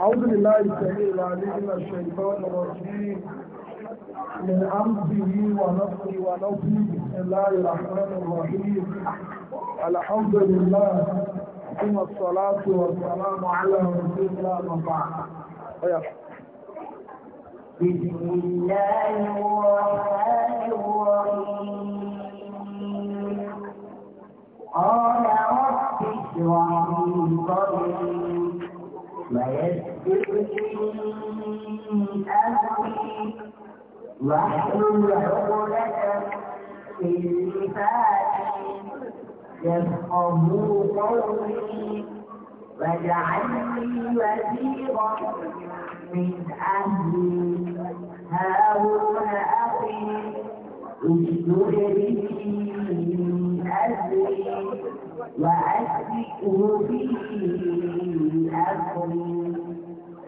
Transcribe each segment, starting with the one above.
أعوذ بالله السميع العليم من الشيطان الرجيم من أمره ونفسه ونفسه بسم الله الرحمن الرحيم الحمد لله ثم الصلاة والسلام على رسول الله وبعد بسم الله الرحمن الرحيم قال رب اشرح لي صدري ويسرني أمري واحلل عقدة من لساني يفقه قولي واجعلني وزيرا من أهلي هارون أخي اشدد به أزري وأشركه به أمري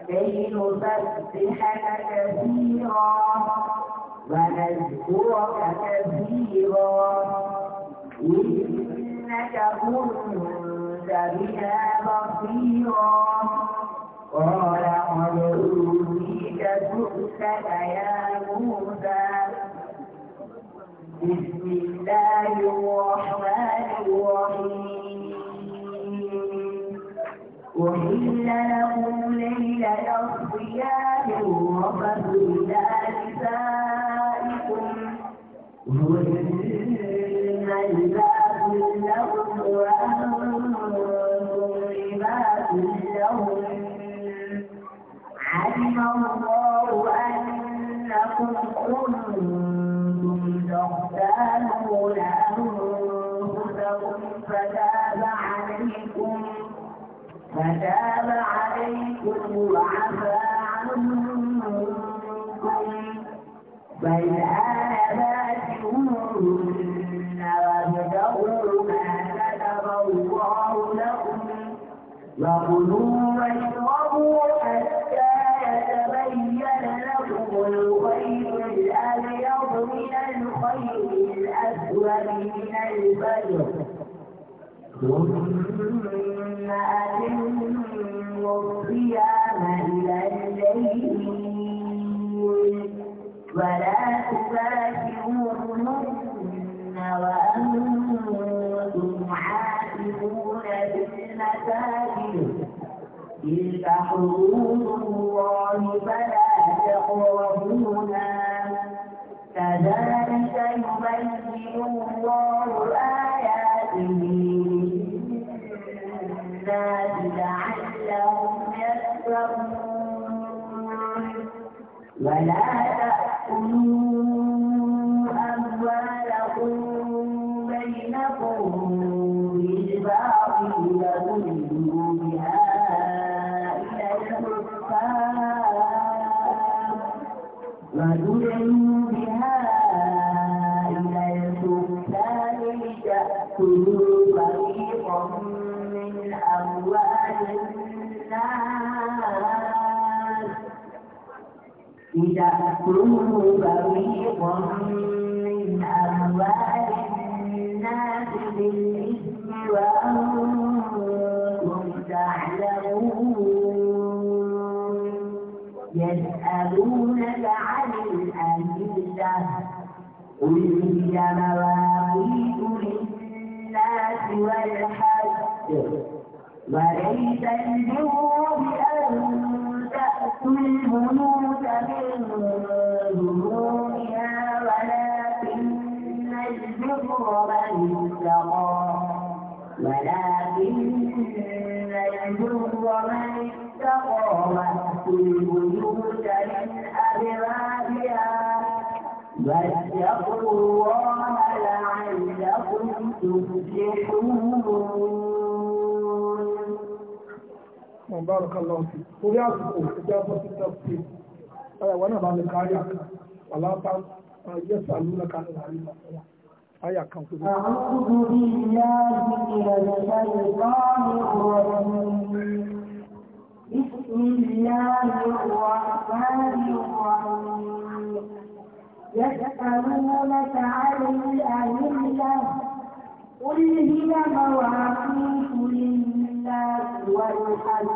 كي نسبحك كثيرا ونذكرك كثيرا إنك كنت بنا بصيرا قال قد أوتيت سؤلك يا موسى بسم الله الرحمن الرحيم أحل لكم ليلة الصيام الرفث إلى نسائكم وإن لباس لهم وأنتم لباس لهم علم الله أنكم كنتم فتاب عليكم وعفى عنكم فالآن باشروهن وابتغوا ما كتب الله لكم وكلوا واشربوا حتى يتبين لكم الخير الأبيض من الخير الأسود من الفجر ثم أتموا الصيام إلى الليل ولا تباشرون وأنتم عاكفون في المساجد الله فلا تقربوها كذلك يبين الله آياته الناس لعلهم يذكرون ولا تأكلوه فريقا من أموال الناس بالإثم وأنتم تعلمون يسألونك عن الأهلة قل هي مواقيت للناس والحج وليس البر بأن تأتوا البيوت يضر من اتقى ولكن البر من اتقى وأتوا البيوت من أبوابها واتقوا الله لعلكم تفلحون بارك الله فيك وفي عصفه إجابة التفسير وأنا بعد الكاريات ولا يسألونك عن العلم والصلاة آية كم أعوذ بالله من الشيطان الرجيم بسم الله الرحمن الرحيم يسألونك عن الأهلة قل هي مواقيت للناس والحج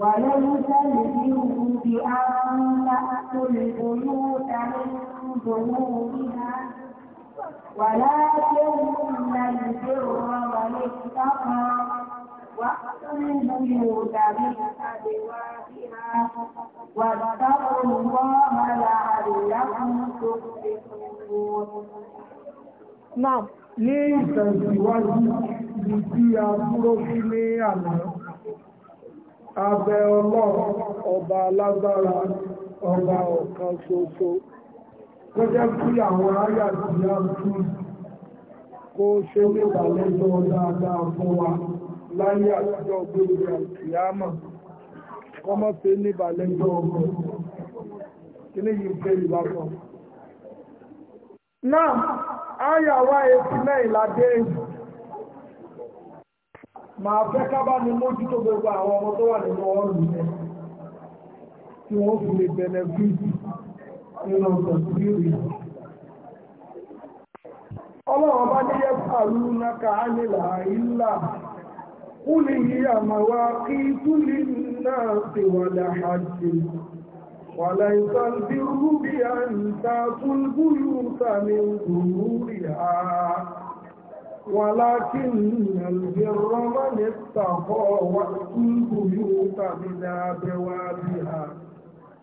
وليس البر بأن البيوت من ظهورها ولكن البر من اتقى وأتوا البيوت من أبوابها واتقوا الله لعلكم تفلحون. نعم. ní ìtẹ̀síwájú ibi tí a dúró sí ní àná abẹ ọlọ́run ọba alágbára ọba ọ̀kan ṣoṣo kó jẹ́ kí àwọn aráyà tí a tú kó ṣe mẹ́ta dáadáa fún wa láyé àtijọ́ gbogbo àtìyámọ̀ pé ọmọ kí ní yìí pé ìbákan náà ayàwá etí mẹ́ìlá dé màá fẹ́ ní mójútó gbogbo àwọn ọmọ tó wà nínú ọrùn rẹ̀ tí wọ́n fi lè nínú ya ọlọ́run bá ní yẹ́pà lúnà ya ìlà kúlì àmàwà kí túlì náà ti wà láhàjì wà láìsàn bí rúbí à ń ta túlbúlù sàmì ha ولكن البر من اتقى واتوا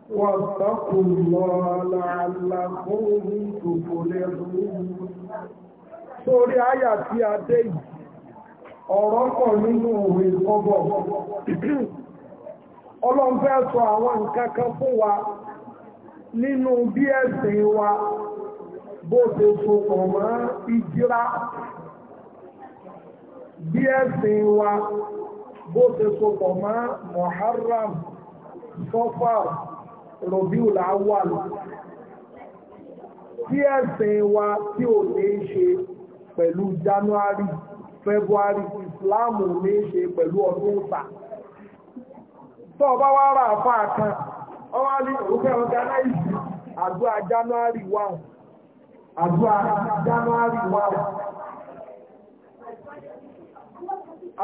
واتقوا الله لعلكم تفلحون sórí àyà tí a dé yìí ọ̀rọ̀ pọ̀ nínú òwe kọ́bọ̀ ọlọ́run àwọn nǹkan kan fún wa nínú bí ẹ̀sìn wa bó ṣe sopọ̀ mọ́ ìjírá bí ẹ̀sìn wa bó ṣe sopọ̀ mọ́ rọ̀bíù láwà lọ tí ẹ̀sìn wa tí ò ní ṣe pẹ̀lú January February Islam ò ní ṣe pẹ̀lú ọdún ìfà tó ọba wá rà fún àkàn ọwá ní òfẹ́ organize àdúrà January 1 àdúrà January 1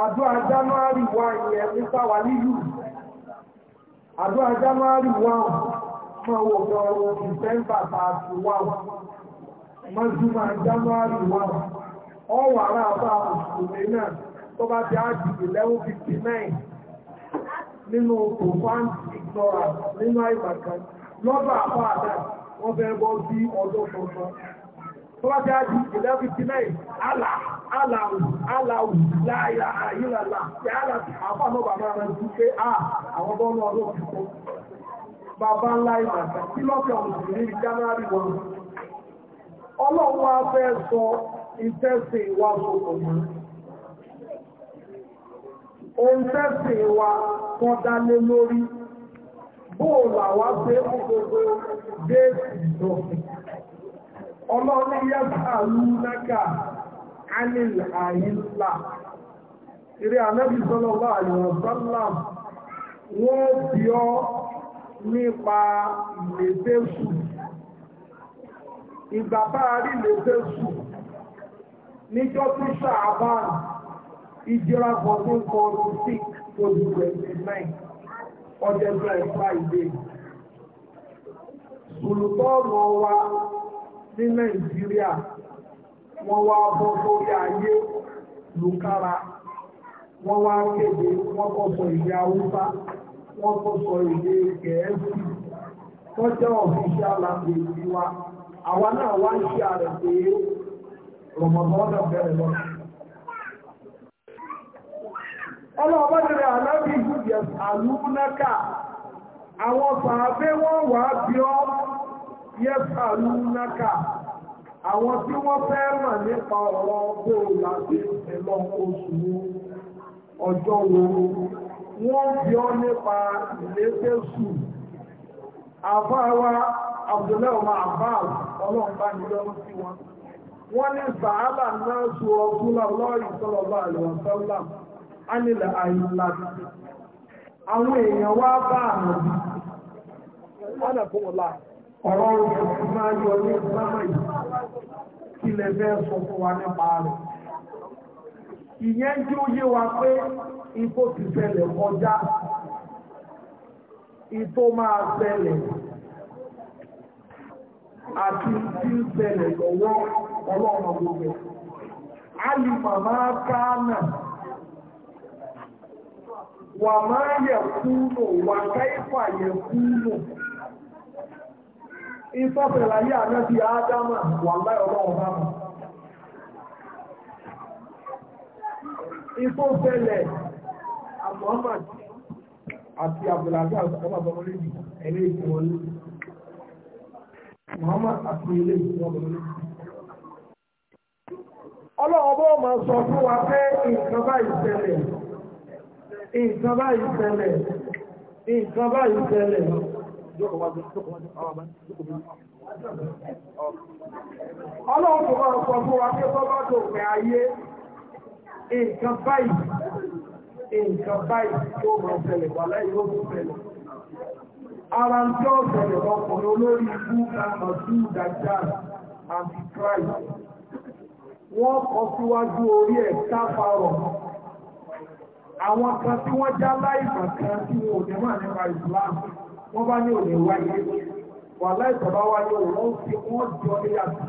àdúrà January 1 yẹn ní sáwà nílùú àdúrà january one máa wọ ọ̀dọ̀ december thirty one mọ́júmọ́ january one ọ̀wọ̀ ará àbá òṣèlú náà tó bá ti ájì eleven fifty nine nínú profound ignorance nínú àìbàkan lọ́bà àbá àdá wọ́n fẹ́ bọ́ sí ọdún tuntun. Tọ́wọ́dé ájí 1159, Allah, Allah, Allah, láàyà àyílàlá, tí Allah ah, ti àpá náà bàbá rẹ̀ ti pé à àwọn bọ́ọ̀lọ́ ọlọ́run ti kọ́. Bàbá ńlá ìgbàgbà tí lọ́fẹ̀ ọ̀nà ní January 1. Ọlọ́run wá fẹ́ sọ ìtẹ́sìn wa sọ̀tọ̀ mọ́. Ohun tẹ́sìn wa kan dá lé lórí. Bóòlù àwa pé gbogbo déètì ìjọsìn ọlọ́run yá sàálù náà anil àyílà eré anábì sọ́lọ́wọ́ àyàn sálàm wọ́n bí ọ́ nípa ìlétésù ìgbà bá rí ìlétésù níjọ́ tí sàábàn ìjọra fọ́dún kọrùn 6 to 29 ọjọ́ wa ní nàìjíríà wọ́n wá bọ́ sórí ayé lùkára wọ́n wá kéde wọ́n kọ́ sọ èdè haúsá wọ́n kọ́ sọ èdè gẹ̀ẹ́sì tó ọ̀fíṣẹ́ alábẹ̀ ìlú wa àwa náà wá ń ṣe àrẹ̀ pé rọ̀mọ̀lọ́dọ̀ bẹ̀rẹ̀ lọ. ọlọ́ọ̀bá yẹ́sàlúnákà àwọn tí wọ́n fẹ́ nípa ọ̀rọ̀ bó láti ẹ̀lọ oṣù ọjọ́ wo wọ́n bí ọ nípa ìlẹ́sẹ̀sù àfáwa Abdullahi Abbas ọlọ́ọ̀bá sí wọn wọ́n ní sàálà náà sọ wọ́n fún wọn ọ̀rọ̀ òṣèlú máa yọ ní ìsámà yìí kí lè fẹ́ sọ fún wa nípa rẹ̀. ìyẹn jí ó yé wa pé ipò ti ṣẹlẹ̀ kọjá ipò máa ṣẹlẹ̀ àti tí ń ṣẹlẹ̀ lọ́wọ́ ọlọ́run gbogbo. Ali màmá kánà wà máa yẹ kúrò wà ìfọ́fẹ̀lá yí ànábì ádámà wà láì ọlọ́run bá mọ̀. ìfọ́fẹ̀lẹ̀ Muhammad àti Abdullahi ọmọ ọmọlẹ́ ẹ̀lẹ́ ìfọ̀wọ́lẹ́ Muhammad àti ilé ìfọ̀wọ́lẹ́. ọlọ́run bó máa sọ fún wa pé nǹkan báyìí ṣẹlẹ̀ nǹkan báyìí ṣẹlẹ̀ nǹkan Ọlọ́run tó máa sọ fún wa pé tó bá tó pẹ̀ ayé, nǹkan báyìí, nǹkan báyìí tó máa ṣẹlẹ̀ wà láì ló tó ṣẹlẹ̀. Ara ń tọ́ ṣẹlẹ̀ ọkùnrin olórí ikú àmọ̀ sí ìdájá Antichrist. Wọ́n kọ síwájú orí ẹ̀ sáfàrọ̀. Àwọn kan tí wọ́n já láìpàá kan tí wọn ò ní wà nípa ìsìláàmù wọ́n bá ní òní wáyé wà láì bàbá wáyé wọ́n fi wọ́n jọ ní yàtọ̀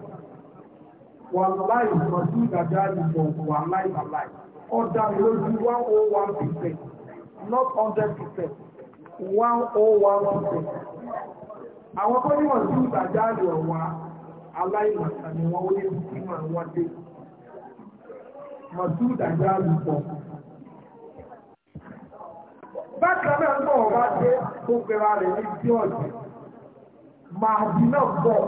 wà láì mọ̀ sí ìdájọ́ àyùbọ̀ wà láì bàláì ọ̀dà lójú one oh one percent not hundred percent one oh one percent àwọn tó ní wọ́n sí ìdájọ́ àyùbọ̀ wà aláìmọ̀ta ni wọ́n wọlé sí ìmọ̀ àwọn dé mọ̀ sí ìdájọ́ àyùbọ̀ bákan náà mọ̀ wá dé tó rẹ̀ ní george màdì náà bọ̀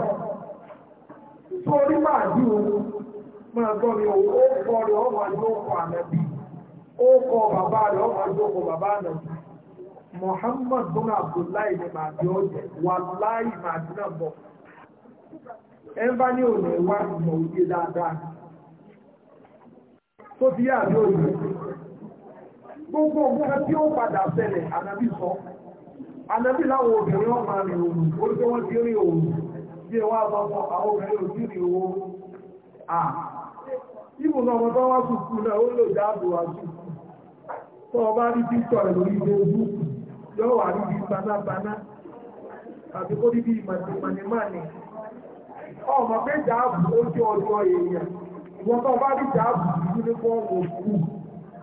sórí màdì òun máa gbọ́ mi ó kọ́ rẹ̀ ọmọ àjọ ọkọ̀ ànábì ó kọ́ bàbá rẹ̀ ọmọ àjọ ọkọ̀ bàbá ànábì Muhammad bin Abdullahi ni màdì ọ̀jẹ̀ wàláì náà bọ̀ ní òun gbogbo nǹkan tí ó padà ṣẹlẹ̀ ànábì sọ ànábì láwọn obìnrin wọn máa òòrùn ó ní ti rí òòrùn bí ẹ wá àwọn obìnrin ò sí rí owó à wá sùkú náà ó lò dáàbò wá tó ojú yóò wà rí bí kó rí bí mànìmánì ọmọ pé dáàbò ó jẹ́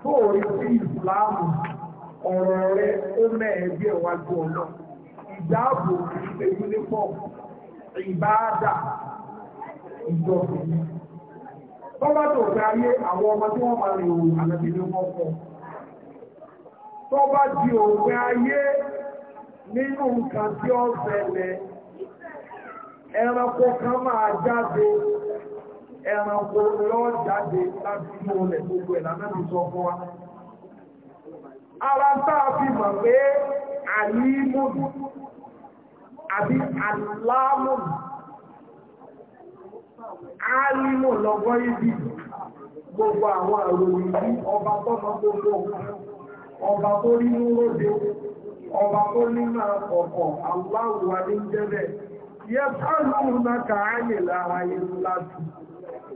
tó o rí sí ìsìláàmù ọ̀rọ̀ rẹ ó mẹ́ẹ̀ẹ́dí ẹ̀wájú ọ̀nà ìdáàbò ìpèjú ìbáàdà ìjọsìn. ga ayé àwọn ọmọ tí wọ́n máa lè wò ní ayé nínú nǹkan tí ọ ẹranko jáde ẹranko yóò jáde láti inú olẹ̀ gbogbo ẹ̀ lánàá ti sọ fún wa. Ara tá fi mọ̀ pé àlímùnù àbí àlámùnù àlímù lọ́gbọ́n ibi gbogbo àwọn àròyìn bí ọba tọ́nà gbogbo ọba tó rí lóde ọba tó ní máa kọ̀kọ̀ aláwọ̀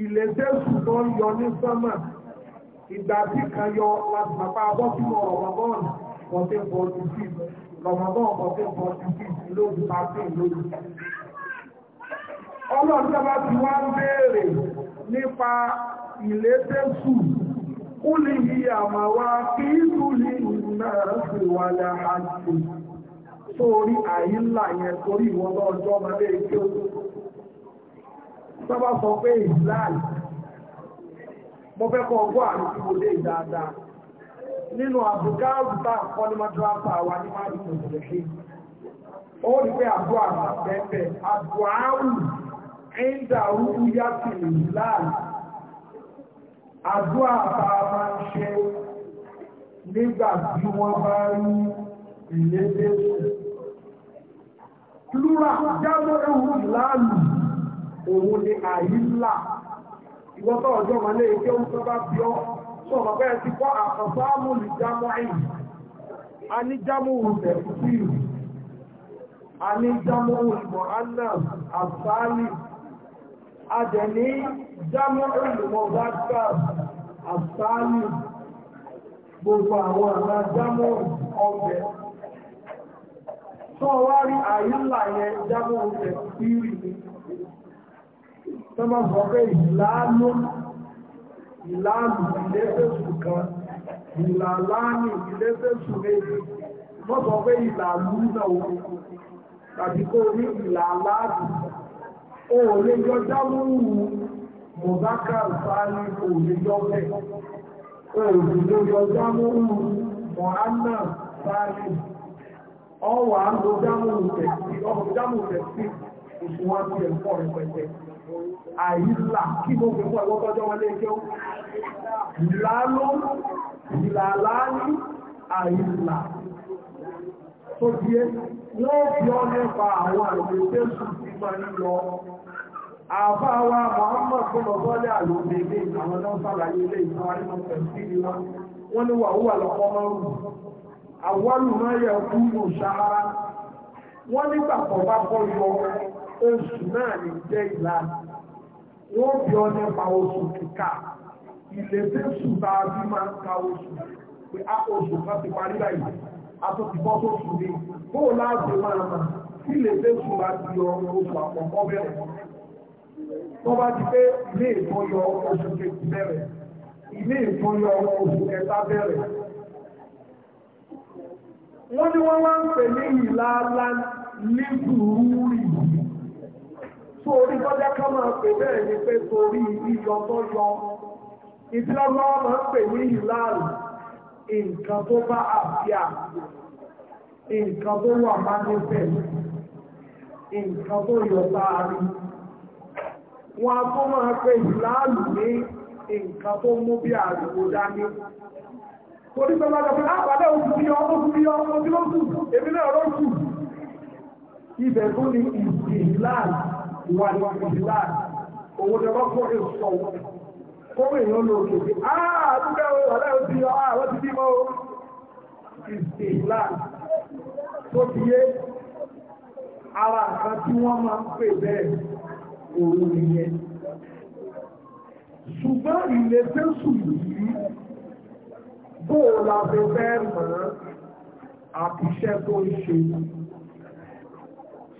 ilé jésù tó ń yọ ní sánmà ìgbà tí kan yọ láti bàbá bọ́ sínú ọ̀rọ̀mọ́bọ́ọ̀nù fourteen forty six lọ́mọ́bọ́ọ̀nù fourteen forty six lójú thirteen lójú. ọlọ́run sábà ti wá ń béèrè nípa ilé jésù kúlì yí àmàwá kí ìtúlì náà sì wà láàájú sórí àyínlá yẹn torí ìwọ́n lọ́jọ́ máa lè kí ó sábà sọ pé ìsìláàlì mo fẹ́ kọ ọgbọ́ àrùn tí mo lè dáadáa nínú àbùká àrùtà kọ́ ní mọ́tíráfà wa ní máa dùn òṣèlú ó rí pé àbú àrùn àbẹ́ẹ̀bẹ́ àbú àrùn ẹ̀ńdà orúkú yàtì ìsìláàlì àbá òun ni àyílà ìwọ́tọ̀ ọjọ́ ma lè jẹ́ oúnjẹ bá fi ọ́ tó ọ̀rọ̀ bẹ́ẹ̀ ti kọ́ jámọ́ ẹ̀yìn a ní jámọ́ òrùlẹ̀ a ní jámọ́ òrùlẹ̀ anna àbáàlì a dẹ̀ ní jámọ́ òrùlẹ̀ wákà àbáàlì gbogbo àwọn àgbà jámọ́ tó wá rí yẹn jámọ́ tó máa sọ pé ìlànà ìlànà ìlẹ́sẹ̀sù kan ìlàláàmì ìlẹ́sẹ̀sù méjì wọ́n sọ pé ìlàlú náà tàbí kó ní ìlàláàmì o lè jọ dámúrù mọ̀bákà sáàlì kò lè jọ bẹ̀ o lè jọ dámúrù mọ̀hánà sáàlì ọwà ló dámúrù tẹ̀sí òṣùwọ́n ẹ̀kọ́ rẹpẹtẹ àìlà kí ló gbogbo ẹ̀wọ́ tọ́jọ́ wọn léjọ́ ìlàló ìlàláàní àìlà tó díẹ̀ wọ́n fi ọ́ nípa àwọn àìlẹ́sẹ̀sù tí ma ń lọ àbáwa Muhammad kọlọ̀ bọ́lẹ̀ àlòmèlè àwọn náà sàlàyé ilé ìfọwárí náà pẹ̀lú sí ni wọ́n ní wàhúwà lọ́kọ́ mọ́rùn-ún àwọn olùmọ́yẹ̀ kú lò sáárá bá kọ́ yọ oṣù náà ní jẹ́ ìlànà wọ́n bí ọ nípa oṣù kíkà ìlẹ́sẹ̀sù bá a bí máa ń ka oṣù pé a oṣù kan ti parí báyìí a tó ti bọ́ sóṣù mi bóò láti máa mà kí ìlẹ́sẹ̀sù bá ti yọ oṣù àkọ́kọ́ bẹ̀rẹ̀ wọ́n bá ti pé ilé ìtọ́yọ oṣù kejì bẹ̀rẹ̀ ilé ìtọ́yọ oṣù kẹta bẹ̀rẹ̀ wọ́n ní wọ́n wá ń pè ní ìlàlá nígbùrú ìlú tó orí tọ́já ká máa pè bẹ́ẹ̀ ni pé torí ìyọ tó yọ ìdílọ́gbọ́n máa ń pè ní ìlàrú nǹkan tó bá àbíà nǹkan tó wà bá níbẹ̀ nǹkan tó yọ sáàrí wọn a tó máa pè ìlàrú ní nǹkan tó mú bí àrùkò dání torí pé wọ́n lọ́pẹ́ àpàdé oṣù bí ọmọ oṣù bí ọmọ oṣù lóṣù èmi náà lóṣù ibẹ̀ tó ní ìsìn láàrín wà ní ìdílá owó ni wọ́n kọ́ èso sọ̀wọ́ kọ́wé èèyàn ló lò pé àádúgbà ó wà láì sí ọ́ àwọn ti bímọ ó ìsìlá tó ti yé ara nǹkan tí wọ́n máa ń pè bẹ́ẹ̀ òun nìyẹn ṣùgbọ́n ilé fẹ́sù yìí bóò la fi fẹ́ mọ̀ àbíṣẹ́ tó ń ṣe yìí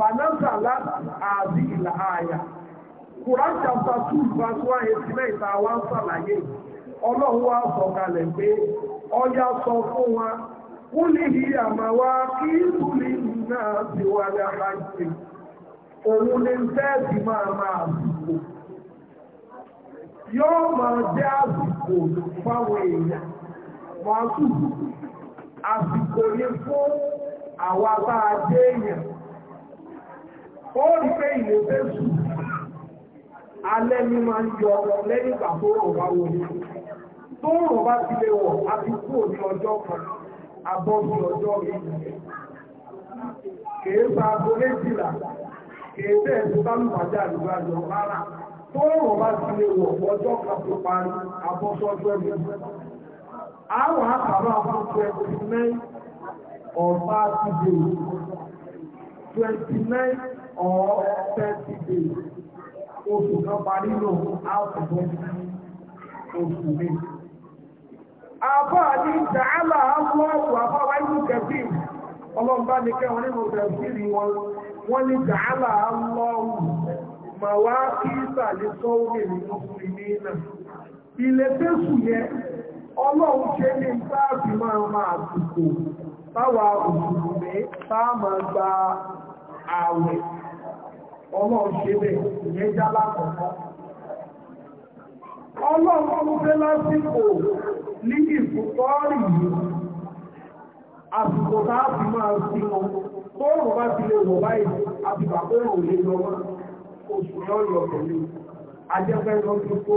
fanasala àbí ìlà àyà Quran chapter two verse one eighty nine ta wá ń ṣàlàyé ọlọ́run wá sọ̀kalẹ̀ pé ọya sọ fún wa ó lè rí kí náà ti wà lára ìpè òun ní tẹ́ẹ̀sì máa máa àsìkò yóò máa jẹ́ àsìkò fáwọn èèyàn wàásù fún àwa a jẹ́ èèyàn ó rí pé ìwò fẹ́sù alẹ́ ní máa ń yọ lẹ́yìn ìgbà tó rọ̀ bá wọlé tó rọ̀ bá ti lè wọ̀ a ti kú òní ọjọ́ kan abọ́ sí ọjọ́ mi kèé sa aago méjìlá kèé tẹ̀ ẹ̀sùn sálùmájà àdúgbàjọ rárá tó rọ̀ bá ti lè wọ̀ ọjọ́ kan tó parí abọ́ sọ́jọ́ mi àwọn àkàrà fún twenty nine ọ̀pá ti dèrò twenty nine or thirty days oṣù kan parí lò áàpù tó oṣù mi. àbáà ní ìtàhálà áàpù áàpù àbáwá inú kẹfì ọlọ́mbà ní kẹwọn nínú kẹfìrì wọn wọ́n ní ìtàhálà áàlọ́rù mà wá kí ìsàlẹ̀ tó wè ní mùsùlùmí náà. ilé tẹ́sù yẹn ọlọ́run ṣe ní sáàfì máa máa àsìkò táwa òṣùlùmí táà máa gba àwẹ̀ ọlọ́run ṣe bẹ́ẹ̀ ìyẹn já lákọ̀ọ́kọ́. ọlọ́run ló fẹ́ lásìkò ní ìfúkọ́rì yìí àsìkò táà fi máa sí wọn tó rò bá ti lè wọ̀ báyìí àti bàbá òun ò lè lọ mọ́ oṣù yọ̀ọ̀yọ̀ pẹ̀lú ajẹ́fẹ́ lọ sí kó.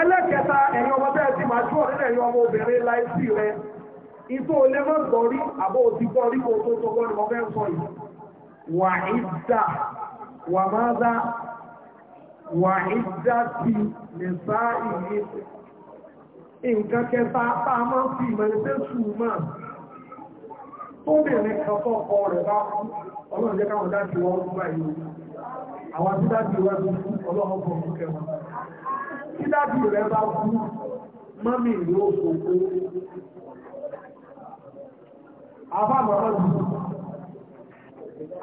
ẹlẹ́kẹta ẹ̀yin ọmọ bẹ́ẹ̀ ti máa tú ọ̀rẹ́lẹ̀ yọ ọmọ obìnrin láìsí rẹ ìtò olè mọ́ gbọ́rí àbó òtítọ́ rí kó وعزة وماذا وعزة نسائه nǹkan kẹta tá a máa fi ìmọ̀lẹ́sẹ̀ ṣùgbọ́n tó bẹ̀rẹ̀ kan tó ọkọ rẹ̀ bá fún ọlọ́run jẹ́ káwọn dájú wọn ń gbà àwọn tí dájú rẹ̀ bá fún ọlọ́run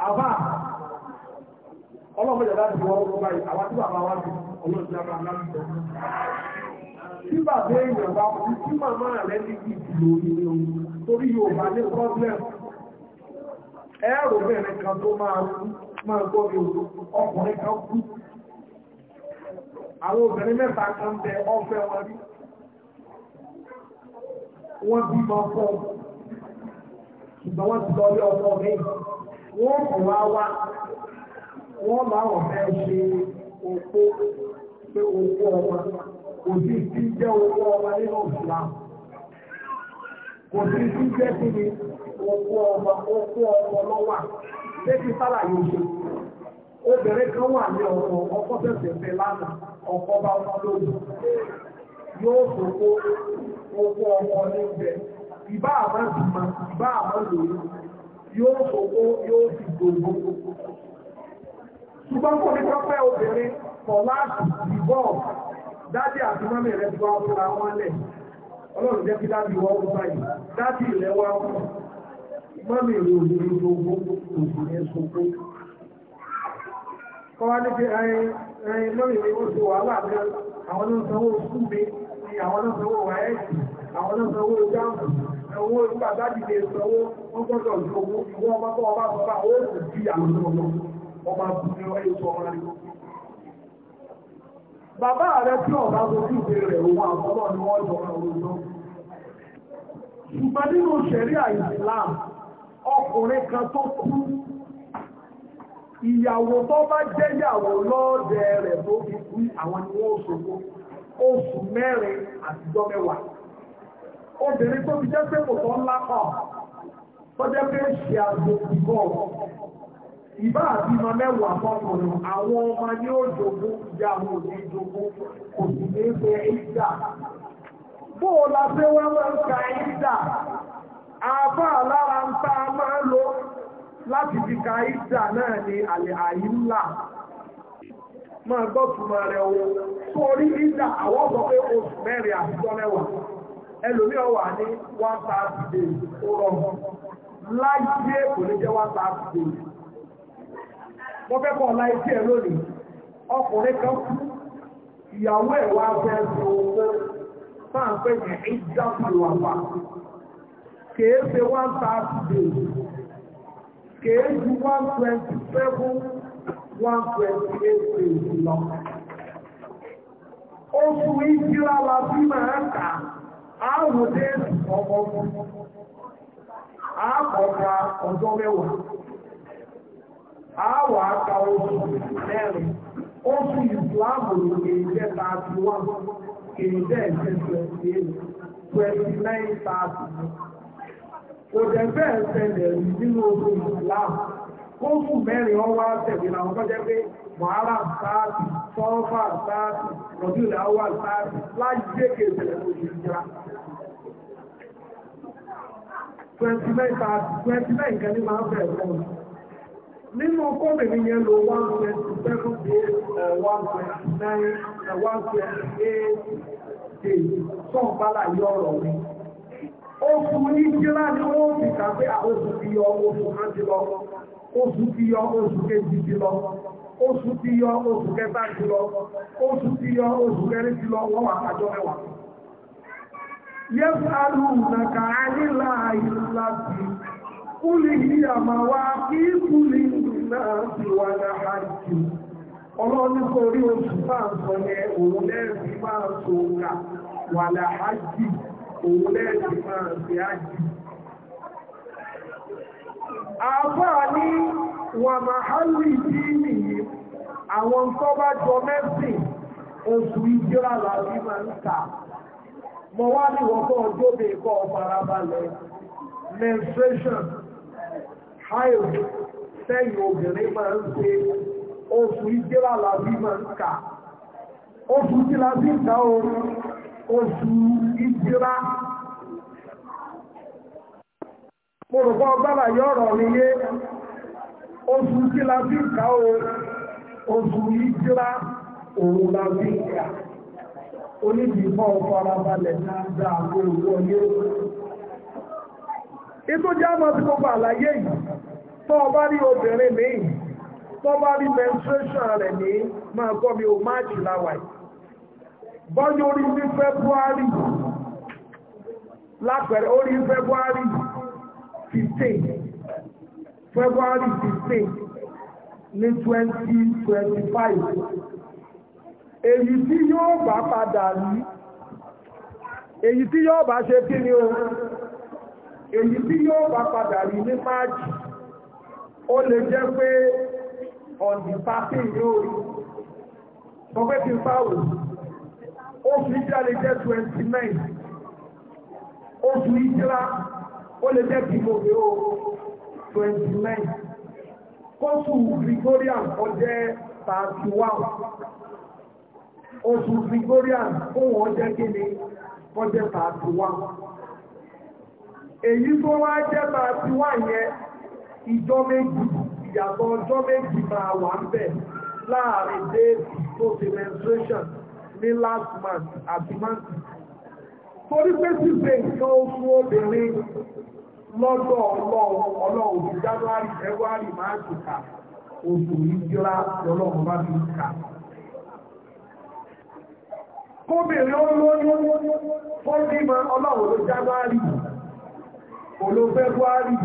àbá ọlọ́mọdé láti wọ́n ọgbọ́n báyìí àwọn tí bàbá wá sí ọlọ́dún àbá láti sọ. Tí bàbá èèyàn bá kú tí màmá rẹ̀ ní kí ìlú omi ohun torí Yorùbá ní problem. Ẹ̀rù bẹ̀rẹ̀ kan tó máa máa gbọ́ mi ọkùnrin kan kú. Àwọn obìnrin mẹ́ta kan bẹ ọ̀fẹ́ wọn rí. Wọ́n bímọ fún ọ. Ṣùgbọ́n wọ́n ti lọ ilé ọkọ mi. wọ́n kò wá wá wọ́n láwọn fẹ́ ṣe opó pé owó ọmọ kò sí tí jẹ́ owó ọmọ nínú kò sí jẹ́ ni ọmọ owó ọmọ lọ́wà lẹ́kí sálàyé oṣù obìnrin kan wà ní ọ̀rọ̀ ọkọ tẹ̀sẹ̀ fẹ́ lánàá bá wọn yóò ṣògbó yóò sì gbogbo ṣùgbọ́n kò ní pẹ́pẹ́ obìnrin kọ̀ láti ìbọ̀ dájí àti mọ́mí rẹ̀ tí wọ́n fúnra wọn lẹ̀ ọlọ́run jẹ́ kí dájí wọ́n kú báyìí dájí rẹ̀ wá kú mọ́mí rẹ̀ ò ní gbogbo kò sì ní ṣògbó kọ́ wá ní pé ẹyin mọ́mí rẹ̀ ó ṣe wàhálà bí àwọn ló ń sanwó sùn mi ni àwọn ló ń sanwó wáyé àwọn ló ń sanwó jáàmù ẹ̀wọ̀n ìgbà dájí lè sanwó wọ́n gbọ́dọ̀ ju owó ìwọ ọmọ tó ọba sọ́ba ó sì bí àwọn ọmọ ọmọ àbúrò ẹ̀yọ́ tó ọmọ rẹ̀. Bàbá rẹ̀ tí ọ̀gá ojú ìwé rẹ̀ òun àbọ́lọ́ ni wọ́n jọ ọ̀rọ̀ òjò. Ṣùgbọ́n nínú ṣẹ̀ríà Ìsìlámù, ọkùnrin kan tó kú ìyàwó tó bá jẹ́ ìyàwó lọ́ọ̀dẹ rẹ̀ tó fi kú àwọn ni wọ́n ó pé ṣe àgbò ìbọ̀ ìbá àti ìmọ̀ mẹ́wàá fọ́kùnrin àwọn ọmọ ní ó jogún ìyá àwọn òní kò sì ní ṣe ìjà bó la wẹ́wẹ́ ń ka ìjà àbá lára ń tá máa lo láti fi ka ìjà náà ni àlè àyíńlà máa gbọ́ túmọ̀ rẹ̀ o àwọn pé oṣù mẹ́rin àtijọ́ mẹ́wàá wà ní one thousand days ó rọrùn láyé kò lè jẹ́ wá mo fẹ́ kọ́ láyé tí ẹ lónìí ọkùnrin kan kú ìyàwó ẹ̀ wá fẹ́ sọ owó máa ń pè ní ìjábùrù àpá kèé ṣe one thirty days kèé ju one twenty seven one twenty àápọ̀ta ọjọ́ mẹ́wàá àáwọ̀ aka oṣù mẹ́rin oṣù ìsìláàmù èjẹ́ tààtì wà èjẹ́ ẹ̀jẹ́ twenty eight twenty nine tààtì kò jẹ́ bẹ́ẹ̀ ṣẹlẹ̀ nínú oṣù ìsìláàmù oṣù mẹ́rin ọwọ́ àtẹ̀lé làwọn tó jẹ́ pé wàhálà tààtì sọ́fà tààtì rọ̀dúlẹ̀ àwọn tààtì láyé kéèké ìṣẹ̀lẹ̀ 29 kan ní máa bẹ̀rẹ̀ fún un nínú kọ́mìnì yẹn lo 127,129,128 tó ń bára yọ ọ̀rọ̀ mi oṣù ní jíra ní ó fi kàfẹ́ oṣù ti yọ oṣù kan ti lọ oṣù ti yọ oṣù kejì ti lọ oṣù ti yọ oṣù kẹta ti lọ oṣù ti yọ oṣù kẹrin ti lọ wọ́n يسألونك عن الله الذي ụlọ iri مواقيت للناس والحج ọlọ́run na kò oṣù máa sọ yẹn òun lẹ́ẹ̀sì máa ń so òǹkà wà òun lẹ́ẹ̀sì máa ń fi ájì wà màhálì tí àwọn tó mẹ́sìn oṣù ìjírà làbí ń ta mo wá ní wọ́pọ̀ ọjọ́bẹ̀ ikọ̀ farabalẹ̀ menstruation high sẹ́yìn obìnrin máa ń ṣe oṣù ìjẹ́lá làbí máa ń kà oṣù ìjẹ́lá bí ìta oorun oṣù ìjẹ́lá mo rò pọ̀ gbára yọ̀rọ̀ mi yé oṣù ìjẹ́lá bí ìta oorun oṣù ìjẹ́lá òun làbí ìta onídìímọ̀ farabalẹ̀ dáadáa kó owó ọyé. Ètò jẹ́ àmọ́ tí gbogbo àlàyé yìí, tó o bá rí obìnrin míì, tó bá rí menstruation rẹ̀ ní máa kọ́ mi ò máàjì láwàá yìí. Bọ́jú orí ní February, lápẹ̀rẹ̀ orí February 15, February 15 ní 2025 èyí tí yóò bá padà rí èyí tí yóò bá ṣe kí ni o èyí tí yóò bá padà rí ní máàjì ó lè jẹ́ pé ọ̀dì pàtí yóò rí sọ pé kí n fáwò oṣù ìjá lè jẹ́ 29 oṣù ìjá ó lè jẹ́ kí mo rí o 29 kóṣù Gregorian ó jẹ́ 31 oṣù Gregorian fóun ọjẹ́ kí ni kọjẹ́ tààtì wá èyí tó wá jẹ́ tààtì wá yẹn ìjọ méjì ìyàtọ̀ ọjọ́ méjì máa wà ń bẹ̀ láàrin déètì tó ti menstruation ní last month àti month torí pé síse nǹkan oṣù obìnrin lọ́dọ̀ ọlọ́run ọlọ́run January February March kà oṣù ìjọra lọ́lọ́run bá fi kà kóbìnrin ó lóyún fọ́dímọ̀ ọlọ́wọ̀ ló jágbárì oló fẹ́gbárì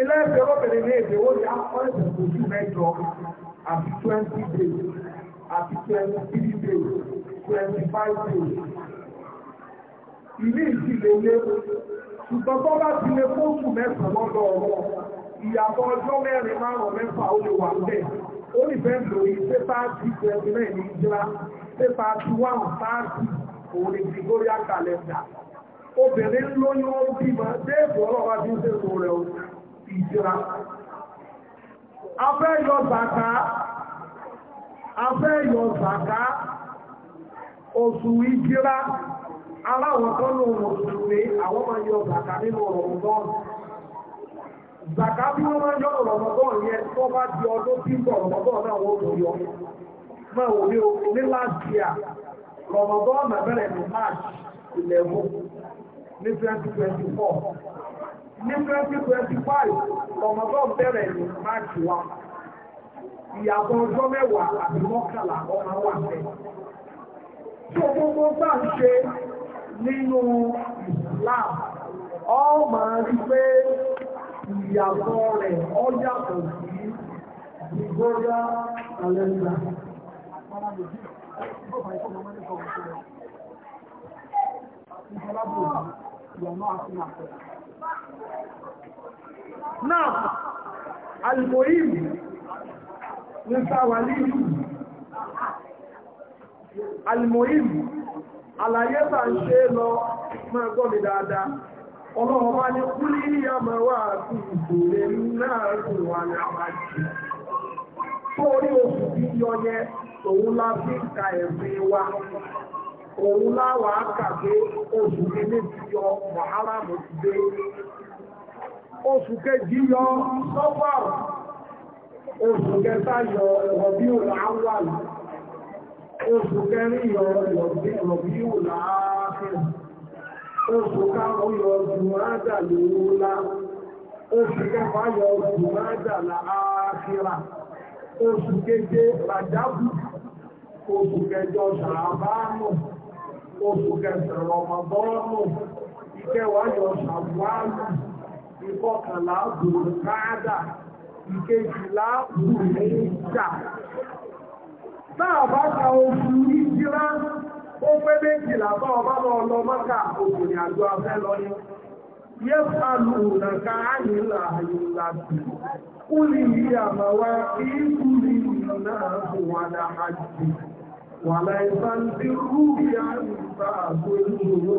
ilé ẹ̀fẹ́ lóbìnrin ní èdè ó ní akọ́lẹ̀sẹ̀ ojú mẹ́jọ àti 20 days àti 23 days 25 days ilé ìsìlẹ̀ ilé ṣùgbọ́n tó bá ti lè fóòtù mẹ́sàn-án lọ́dọ̀ ọ̀rọ̀ ìyàtọ̀ ọjọ́ mẹ́rin márùn-ún mẹ́fà ó lè wà bẹ́ẹ̀ ó ní fẹ́ lórí pépà tí twenty nine ní ìjọba pépà tí one thirty òun ní Gregorian calendar obìnrin lóyún ó bímọ déèbù ọlọ́wà tí ó ṣe kó rẹ̀ ìjọba. afẹ́ yọ zàká afẹ́ yọ zàká oṣù ìjọba aláwọ̀ tó lòun àwọn máa yọ zàká nínú ọ̀rọ̀ náà. Ìgbàká bí wọ́n máa ń yọ́rọ̀ lọ́mọdọ́n yẹn tó bá di ọdún tí ń bọ̀ lọ́mọdọ́n náà wọ́n tó yọ. Máa wò ní o, ní last year, lọ́mọdọ́n náà bẹ̀rẹ̀ ní March 11 ní 2024. Ní 2025, lọ́mọdọ́n bẹ̀rẹ̀ ní March 1. Ìyàtọ̀ ọjọ́ mẹ́wàá àti mọ́kànlá ọ ìyàtọ̀ rẹ̀ ọ yàtọ̀ sí gbígbóyá àlẹ́gbà. Náà, alìmòyìn ní sáwàlì ìlú. Alìmòyìn, àlàyé bá ń ṣe lọ máa gọ́ mi dáadáa. ọlọ́run wá ní kú ní àmà wà àti orí oṣù òun fi ń ka ẹ̀sìn wa òun láwà á oṣù ti yọ ti dé yọ oṣù kẹta yọ òlà áwàlù oṣù kẹrin yọ òlà oṣù káwọ́ yọ jùmọ́dà lóòlá oṣù kẹfà yọ jùmọ́dà láàáfíra oṣù keje ràjábù oṣù kẹjọ ṣàbánù oṣù kẹsàn rọmọbọ́ọ̀nù ìkẹwàá yọ ṣàbúwálù ìkọkànlá bùrùkáàdà ìkejìlá bùrùkẹ́jà táà bá ka oṣù ìjírá ó pé méjìlá bá ọba maka obodo ya òkùnrin àjọ afẹ́ lọ ní yẹ́fàlù nàkà àyílà àyílà bi. kúlì àmàwà ìkúlì náà fún wa dá àjì wà láìsá ti rúbì àyíká àgbélùú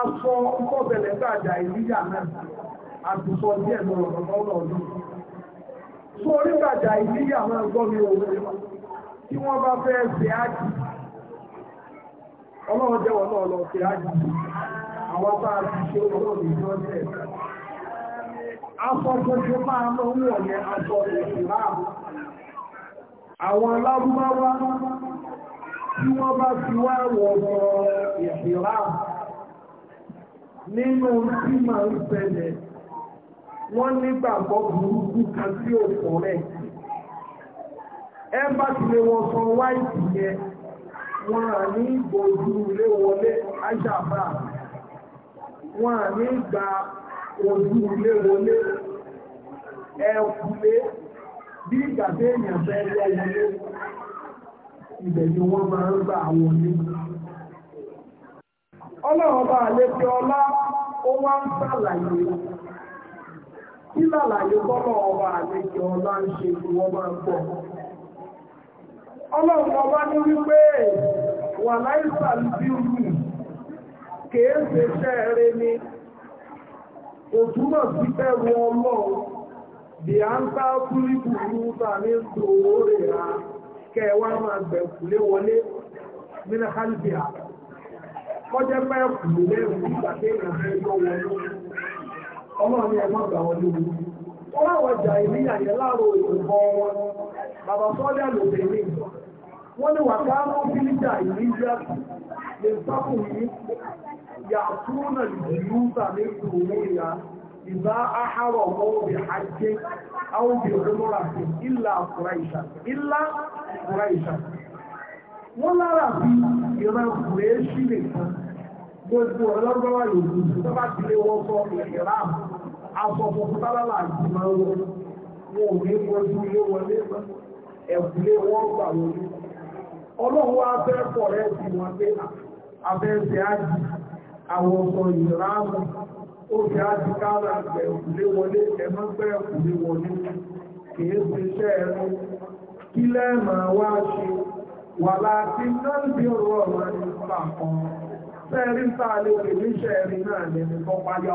aṣọ ìkọ́bẹ̀lẹ̀ gbàjà ìlíyà náà àti sọ díẹ̀ lọ́rọ̀ lọ́rọ̀ ọdún tó orígbàjà ìlíyà náà gbọ́ mi òwe tí wọ́n bá fẹ́ ṣe ájì ọlọ́run jẹ́wọ́ náà lọ ṣe ájì àwọn bá ti ṣe olóòrùn ìjọ tẹ̀ aṣọ tuntun máa ń aṣọ ìsìláàmù àwọn tí wọ́n bá fi wá wọ̀ ọ̀rọ̀ ìsìláàmù nínú tí ma ń bẹ̀rẹ̀ wọ́n nígbàgbọ́ burúkú kan sí òkú rẹ̀ ẹ̀mbà tí lè wọ́n sọ wáìtì yẹ wọ́n ní ìgbòjú ilé wọlé aṣàbà wọ́n ní ìgbà ojú ilé wọlé ìgbà èèyàn ọlọ́run àlejò ọlá ń sàlàyé kí ọba àlejò ọlá ń ṣe tí wọ́n máa ń bọ̀. ọlọ́run ní wípé wà láìsà bírù kèé ṣe ṣẹ́ẹ̀rẹ́ ni òtúmọ̀ sí bẹ̀rù ọlọ́run bí a ń sá kúrìkù rúbà ní sòwò rẹ̀ ha. kẹwàá máa gbẹ̀kúlé kọjá pẹ́ kù lẹ́rù nígbà tí èèyàn fẹ́ yọ wọn lórí ọmọ mi ẹ̀ má gbà wọn lórí ó láwọn ọjà ìníyà yẹn láàrọ̀ ìkọ̀ wọn bàbá ní wà ká ìbá áhárọ̀ mọ́ bí hajjé àwọn bí òmúra sí ìlà kùráìṣà wọ́n lára bí ìran kùrẹ́ṣì nìkan gbogbo ọlọ́gbọ́wà yòókù tó bá ti lé wọ́n sọ ìrìnàm aṣọ funfun tálálà àti máa wọ wọn ò ní wọjú ilé wọlé ẹ̀kúlé wọn gbà wọlé ọlọ́run wa fẹ́ pọ̀ rẹ̀ sí wọn pé abẹ́ẹ̀sẹ̀ ájì àwọn ọmọ ìrìnàm ó fi ájì kára àgbẹ̀ ẹ̀kúlé wọlé ẹ̀mọ́gbẹ́ ẹ̀kúlé wọlé kìí ṣe iṣẹ́ ẹ̀rọ kí lẹ́ẹ̀mọ̀ wá ṣe wà láti náà bí ọ̀rọ̀ ọ̀rọ̀ nípa kan Sẹ́ẹ̀rí ń tàà lè pè ní ṣẹ́ẹ̀rí náà lẹ́nu tó páyá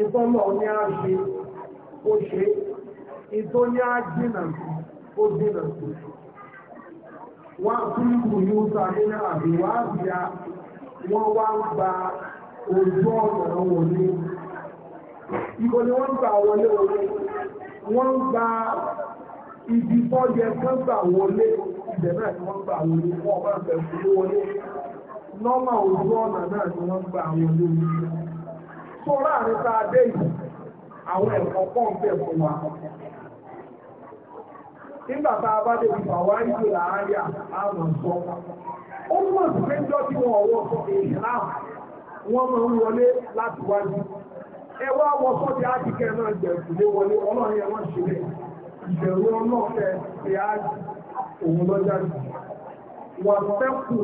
Ìtọ́lọ̀ ní a ṣe, ó ṣe, ìtọ́ ní a jìnà sí, ó jìnà sí. Wá fún ìlú yóò ta nínú àbí wá sí a, wọ́n wá ń gba ojú ọ̀nà wọlé. Ìbò ni wọ́n gbà wọlé wọlé, wọ́n gba ibi tó yẹ gbà wọlé, ibẹ̀ ni wọ́n gbà wọlé, wọ́n bá bẹ̀ wọlé. Nọ́mà ojú ọ̀nà náà ni wọ́n gba àwọn olórí tó láàrin tá a dé yìí àwọn ẹ̀kọ́ pọ̀ ń bẹ̀ fún wa nígbà tá a bá dé wá ìlú àmọ̀ sọ ó mọ̀ sí pé tí wọ́n ọwọ́ sọ wọ́n máa ń wọlé láti wájú ẹ wá wọ náà jẹ̀kù lé wọlé ọlọ́run yẹn wọ́n ṣe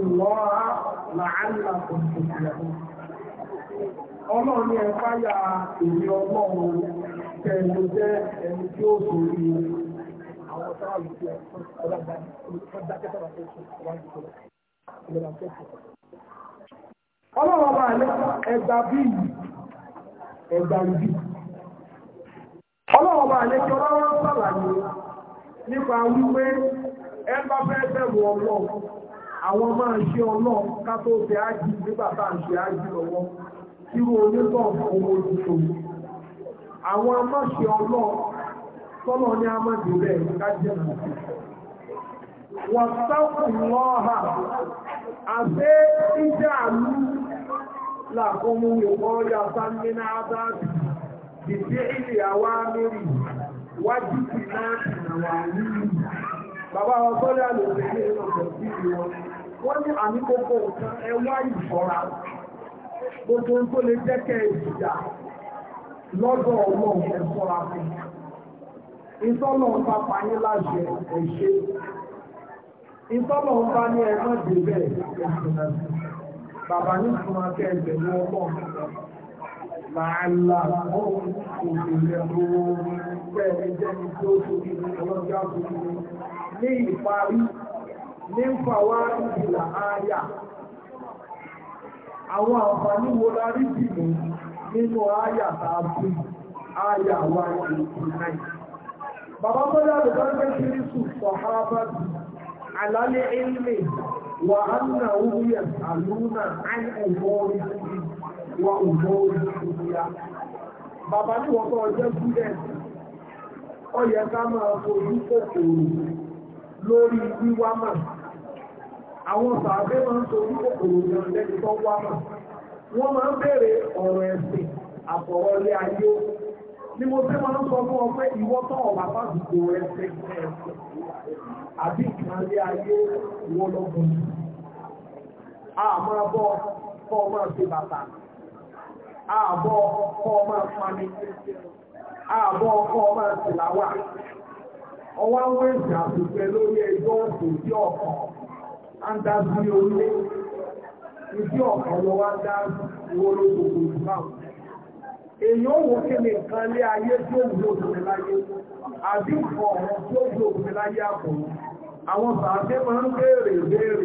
jù làálàkùn tòkìyàwó. Ọlọ́run ní ẹ̀fá ya èmi ọlọ́run jẹ́ ẹni tí ó sòrí àwọn sáàlù tí Ọlọ́run ọba ọlọ́run sàlàyé nípa wípé ọlọ́run. àwọn máa ń ṣe ọlọ́run ká tó fẹ́ ájì nígbà tá à ń ṣe ájì lọ́wọ́ irú onítọ̀ owó tuntun àwọn amáṣe ọlọ́run tọ́lọ̀ ní amáṣe rẹ̀ kájẹ́ mọ̀tò wàtàkùnlọ́ha àṣẹ ìjà àlú làkọmú ìwọ́ ya sáńdé náà dáàbì ìdí ilẹ̀ àwámẹ́rì wájú ìlànà àwọn àlú bàbá wọn sọ́lẹ̀ àlòkè ní ọ̀sẹ̀ sí wọn wọ́n ní àmì gbogbo nǹkan ẹwà ìfọ́ra gbogbo tó lè jẹ́kẹ́ ìjà lọ́dọ̀ ọlọ́run ẹ̀fọ́ra fún ìtọ́lọ̀ ń bá payé láṣẹ ẹ̀ṣẹ́ ìtọ́lọ̀ ń bá ní ẹ̀mọ́ débẹ̀ ẹ̀ṣẹ̀nà bàbá ní ìfúnra kẹ́ẹ̀bẹ̀ ní ọlọ́run làálà ọ̀hún òṣèlú ẹ̀rọ orin bẹ́ẹ̀ ni jẹ́ni tó ṣe ìrìn ọlọ́jà tó ṣe ní ìparí ní fàwá ìlà ààyà àwọn àǹfààní wo la rí jìnnà nínú ààyà tààbí ààyà wa ìpínlẹ̀ bàbá mọ́lá àlùbáńgbé kìrìsù ilmi wà á nà owó yẹn àlúnà àyè ìmọ̀ọ́rí wa ìmọ̀ọ́rí ìdíyà bàbá ní wọ́n kọ́ ọjọ́ sílẹ̀ yẹ ká máa fojú lórí wíwá mà àwọn sàbẹ́ máa ń torí kòkòrò gan lẹ́ni tó wá mà wọ́n máa ń bèèrè ọ̀rọ̀ ẹ̀sìn àfọ̀wọ́lé ayé ni mo fẹ́ máa ń sọ fún ọ pé ìwọ tó ọ̀bà bá dùkò rẹ̀ ṣe àbí ìkànnì ayé wọ́n lọ́gbọ̀n àmọ́ bọ́ kọ́ máa ṣe bàtà àbọ̀ kọ́ máa pani àbọ̀ kọ́ máa ṣèlàwà ọwọ́ àwọn èsì àtúnṣe lórí ẹjọ́ òkú tí ọkàn á ń dá sí orílẹ̀ ìdí ọkàn lọ wá dá owó lóṣogbo ìbáwò èyí ó wò kí ni nǹkan lé ayé tí ó wúlò òkùnrin láyé àbí nǹkan ọ̀run tí ó wúlò òkùnrin láyé àpò àwọn sàáfẹ́ máa ń béèrè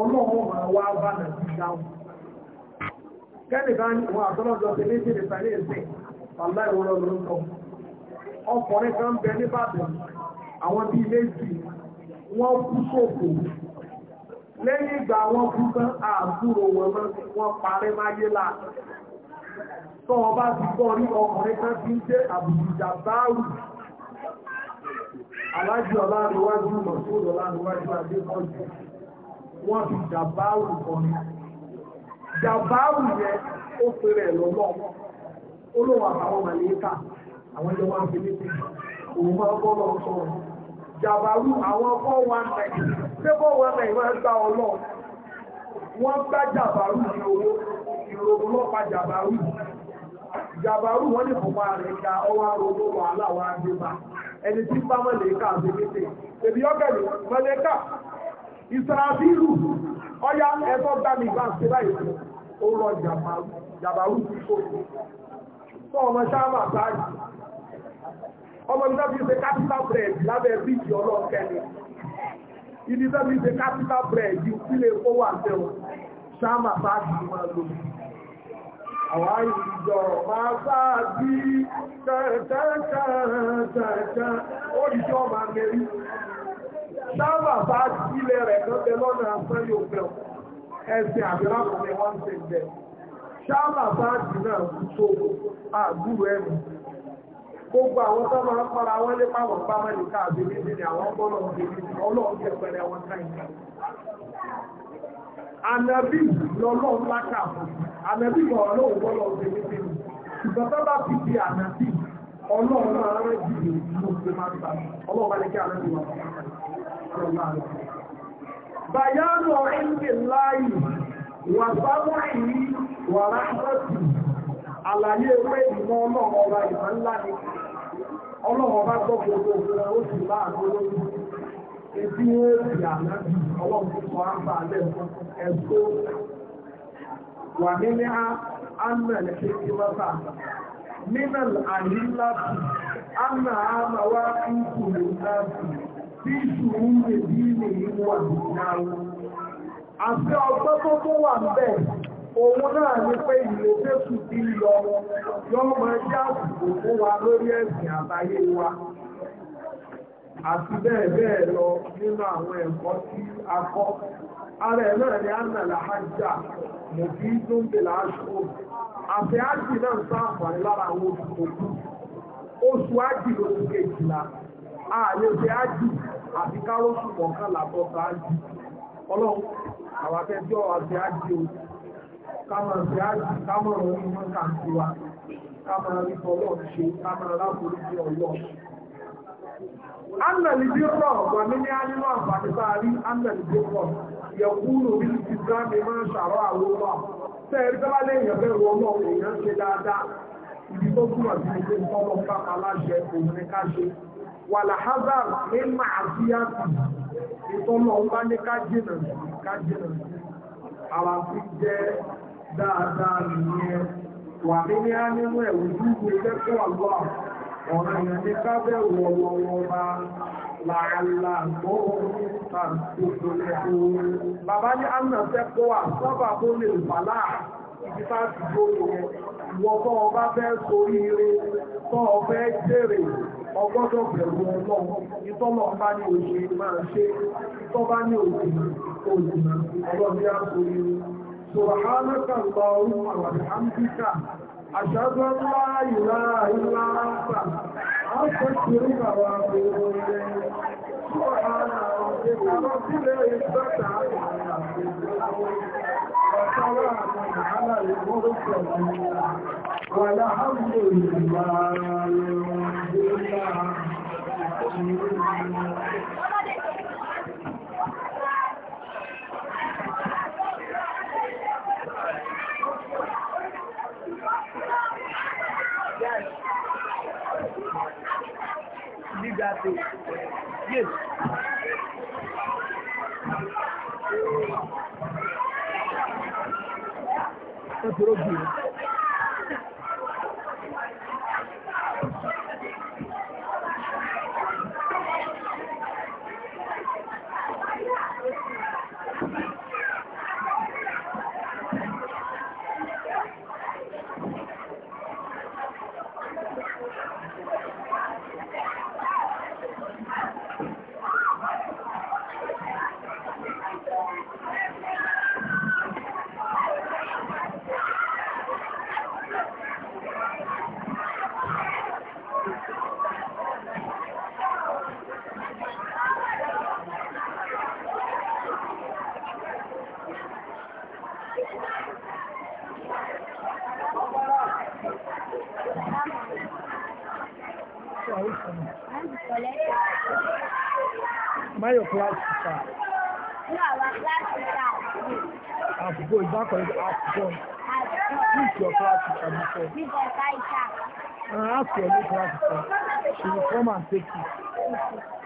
ọlọ́run máa wá bá nà sí dáhùn kẹ́nìkan wọn àtọ́lọ́jọ́ ti ní sílẹ̀ sáré ẹ̀sẹ̀ pàlá ìwọ́rọ̀ lórúkọ ọkùnrin kan bẹ níbàdàn àwọn bíi méjì wọ́n kú sóòkò lẹ́yìn ìgbà wọn kú tán àbúrò wọn mọ́ wọn parí máyé là tọ́ wọn bá ti gbọ́ rí ọkùnrin kan tí ń jẹ́ àbùjá báwù alájọ́ ọlá níwájú mọ̀sóòlù ọlá níwájú adékọ́jú wọ́n fi dàbáàrù kọ́ mi dàbáàrù yẹn ó pèrè lọ́lọ́ ó lóun àtàwọn màlẹ́kà àwọn ẹjọ́ wọn fi létí òun máa bọ́ lọ dàbáàrù àwọn four one nine ṣé máa ọlọ́ wọ́n gbá dàbáàrù ní owó lọ́pàá dàbáàrù rẹ̀ ọwọ́ wàhálà wa gbé bá ẹni tí bá ìsàràbílù ọya ẹ̀tọ́ gbá mi bá ṣe báyìí ó rọ jàbàrú sí kò tó ọmọ sáàmà báyìí ọmọ ibi tẹ́bí ṣe capital bread lábẹ́ bíìsì ọlọ́ọ̀kẹ́ni ibi tẹ́bí ṣe capital bread yìí sílé owó àtẹ̀wọ̀ sáàmà báyìí máa lò àwọn ìjọ máa sáàbí tẹ́tẹ́tẹ́tẹ́tẹ́ ó dìjọ́ máa dábàá bá sílẹ̀ rẹ̀ tó tẹ lọ́nà asán yóò fẹ́ ẹsẹ̀ àbírákùnrin wọ́n ti bẹ̀. ṣáàbà bá jù náà tó àgbúrò ẹ̀mù gbogbo àwọn tó máa ń para wọn lé pàwọn bá wọn nìka àbí méjì ni àwọn bọ́lọ̀ ń bèèrè sí ọlọ́run jẹ́ pẹ̀lẹ́ àwọn káyìí. ànàbí lọ́lọ́run lákà ànàbí lọ́lọ́run bọ́lọ̀ ń bèèrè sí ìgbà tó bá fi di ànàbí ọlọ́run náà rẹ̀ láàyè wà sáwọn ìrí wà ráńtọ́sì àlàyé ewé ìmọ̀ ọlọ́run ọba ìmọ̀ ńlá ni ọlọ́run ọba gbọ́ gbogbo ó sì minal àyíláàbù àmà àmà wá ìkùnlẹ̀ láàbù bí ìṣòro rẹ̀ bí ilẹ̀ ìlú àti tó wà bẹ́ẹ̀ òun náà ní pé ìlú jésù ti lọ yọ́n máa jẹ́ àsìkò wa lórí ẹ̀sìn àbáyé wa lọ nínú àwọn ẹ̀kọ́ tí a ara ẹ̀ náà ni anna làhájà mo fi tó ń bèèrè aṣọ àfẹ́ ájì náà sáàfàní lára àwọn oṣù tó oṣù ájì lóṣù kejìlá ààyè oṣù ájì àti káwọ́sù mọ̀kànlá bọ́ta ájì ọlọ́run àwọn akẹ́jọ́ àti ájì o kámọ̀ àti ájì kámọ̀ ọ̀rọ̀ ní mọ́ta àti wa kámọ̀ àrí ṣe wà ní ní ánínú àǹfààní rí yẹ̀kúrò bí ìsìlámi máa ṣàrọ̀ àwọ́wà tẹ́ẹ̀rí tọ́lá lẹ́yìn ọ̀fẹ́ rọmọ èèyàn ṣe dáadáa ibi tó túnmọ̀ sí ilé ìfọ́lọ́ pápá láṣẹ òmìnir ká ṣe wà láházàr ní máa sí àti ìtọ́lọ̀ ń bá ní ká jìnà ká jìnà ara fi jẹ́ dáadáa nìyẹn wà ní ní á nínú ẹ̀wù dúró lẹ́kọ̀ọ́ àgbà ọ̀rọ̀ ìrìn làálàgbó bàbá ní ànàfẹ́ kó wà sábà bó lè fàlà ìdíbà ti gbóòrò ìwọ̀n tó ọba fẹ́ sórí ire tó ọfẹ́ jèrè ọgbọ́dọ̀ bẹ̀rù ọlọ́run ìtọ́lọ̀ bá ní òṣè máa ṣe tó bá ní òṣè òṣìnà ọlọ́dí àkórí Subhanaka Allahumma wa bihamdika أشهد أن لا إله إلا أنت أستغفرك وأتوب إليك سبحان ربك رب العزة عما وسلام على المرسلين والحمد لله رب العالمين leave that day. Yes. That's what not call it ask them. Use your practice and before. And ask your new practice. She will come and take it.